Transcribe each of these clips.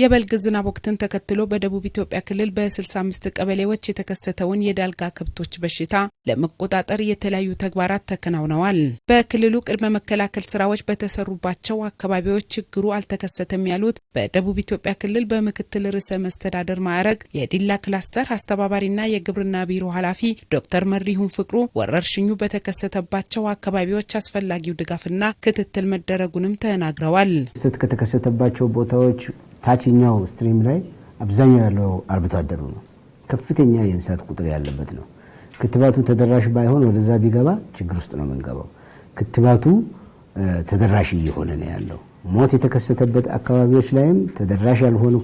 የበልግ ዝናብ ወቅትን ተከትሎ በደቡብ ኢትዮጵያ ክልል በ65 ቀበሌዎች የተከሰተውን የዳልጋ ከብቶች በሽታ ለመቆጣጠር የተለያዩ ተግባራት ተከናውነዋል። በክልሉ ቅድመ መከላከል ስራዎች በተሰሩባቸው አካባቢዎች ችግሩ አልተከሰተም ያሉት በደቡብ ኢትዮጵያ ክልል በምክትል ርዕሰ መስተዳደር ማዕረግ የዲላ ክላስተር አስተባባሪና የግብርና ቢሮ ኃላፊ ዶክተር መሪሁን ፍቅሩ ወረርሽኙ በተከሰተባቸው አካባቢዎች አስፈላጊው ድጋፍና ክትትል መደረጉንም ተናግረዋል። ከተከሰተባቸው ቦታዎች ታችኛው ስትሪም ላይ አብዛኛው ያለው አርብቶ አደሩ ነው። ከፍተኛ የእንስሳት ቁጥር ያለበት ነው። ክትባቱ ተደራሽ ባይሆን ወደዛ ቢገባ ችግር ውስጥ ነው የምንገባው። ክትባቱ ተደራሽ እየሆነ ነው ያለው። ሞት የተከሰተበት አካባቢዎች ላይም ተደራሽ ያልሆኑ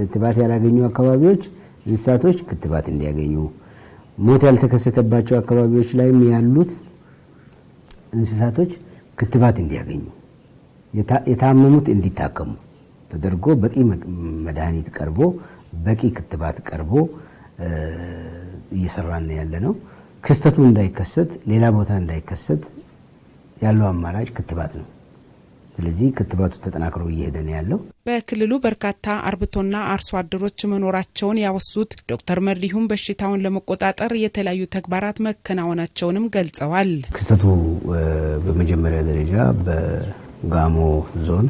ክትባት ያላገኙ አካባቢዎች እንስሳቶች ክትባት እንዲያገኙ፣ ሞት ያልተከሰተባቸው አካባቢዎች ላይም ያሉት እንስሳቶች ክትባት እንዲያገኙ፣ የታመሙት እንዲታከሙ ተደርጎ በቂ መድኃኒት ቀርቦ በቂ ክትባት ቀርቦ እየሰራን ያለ ነው። ክስተቱ እንዳይከሰት ሌላ ቦታ እንዳይከሰት ያለው አማራጭ ክትባት ነው። ስለዚህ ክትባቱ ተጠናክሮ እየሄደ ነው ያለው። በክልሉ በርካታ አርብቶና አርሶ አደሮች መኖራቸውን ያወሱት ዶክተር መሪሁም በሽታውን ለመቆጣጠር የተለያዩ ተግባራት መከናወናቸውንም ገልጸዋል። ክስተቱ በመጀመሪያ ደረጃ በጋሞ ዞን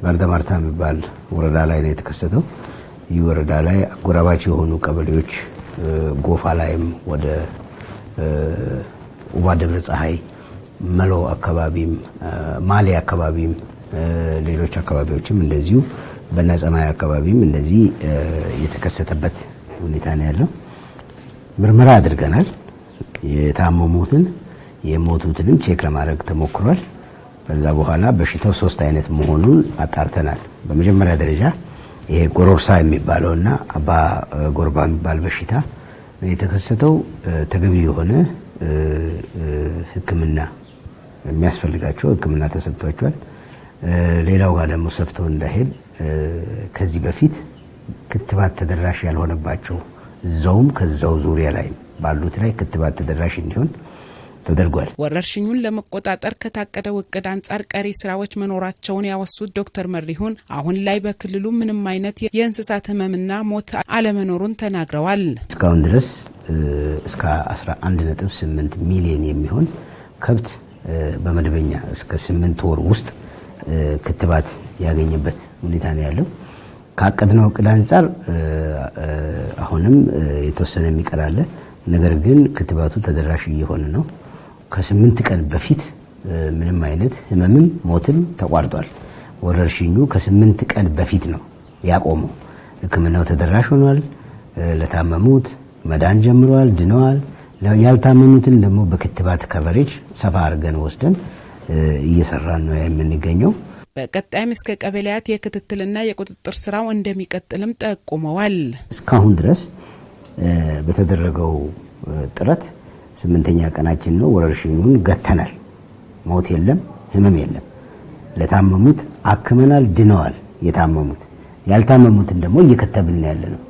በአልጋ ማርታ የሚባል ወረዳ ላይ ነው የተከሰተው። ይህ ወረዳ ላይ አጎራባች የሆኑ ቀበሌዎች ጎፋ ላይም ወደ ኡባ ደብረ ፀሐይ መሎ አካባቢም ማሌ አካባቢም ሌሎች አካባቢዎችም እንደዚሁ በና ጸማይ አካባቢም እንደዚህ የተከሰተበት ሁኔታ ነው ያለው። ምርመራ አድርገናል። የታመሙትን የሞቱትንም ቼክ ለማድረግ ተሞክሯል። ከዛ በኋላ በሽታው ሶስት አይነት መሆኑን አጣርተናል። በመጀመሪያ ደረጃ ይሄ ጎሮርሳ የሚባለውና አባ ጎርባ የሚባል በሽታ የተከሰተው ተገቢ የሆነ ሕክምና የሚያስፈልጋቸው ሕክምና ተሰጥቷቸዋል። ሌላው ጋር ደግሞ ሰፍቶ እንዳይሄድ ከዚህ በፊት ክትባት ተደራሽ ያልሆነባቸው እዛውም ከዛው ዙሪያ ላይ ባሉት ላይ ክትባት ተደራሽ እንዲሆን ተደርጓል። ወረርሽኙን ለመቆጣጠር ከታቀደው እቅድ አንጻር ቀሪ ስራዎች መኖራቸውን ያወሱት ዶክተር መሪሁን አሁን ላይ በክልሉ ምንም አይነት የእንስሳት ህመምና ሞት አለመኖሩን ተናግረዋል። እስካሁን ድረስ እስከ 11.8 ሚሊዮን የሚሆን ከብት በመደበኛ እስከ 8 ወር ውስጥ ክትባት ያገኘበት ሁኔታ ነው ያለው። ካቀድነው እቅድ አንጻር አሁንም የተወሰነ የሚቀር አለ። ነገር ግን ክትባቱ ተደራሽ እየሆነ ነው። ከስምንት ቀን በፊት ምንም አይነት ህመምም ሞትም ተቋርጧል። ወረርሽኙ ከስምንት ቀን በፊት ነው ያቆመው። ህክምናው ተደራሽ ሆኗል። ለታመሙት መዳን ጀምረዋል፣ ድነዋል። ያልታመሙትን ደግሞ በክትባት ከቨሬጅ ሰፋ አድርገን ወስደን እየሰራን ነው የምንገኘው። በቀጣይም እስከ ቀበሌያት የክትትልና የቁጥጥር ስራው እንደሚቀጥልም ጠቁመዋል። እስካሁን ድረስ በተደረገው ጥረት ስምንተኛ ቀናችን ነው። ወረርሽኙን ገተናል። ሞት የለም፣ ህመም የለም። ለታመሙት አክመናል፣ ድነዋል። የታመሙት ያልታመሙትን ደግሞ እየከተብን ያለ ነው።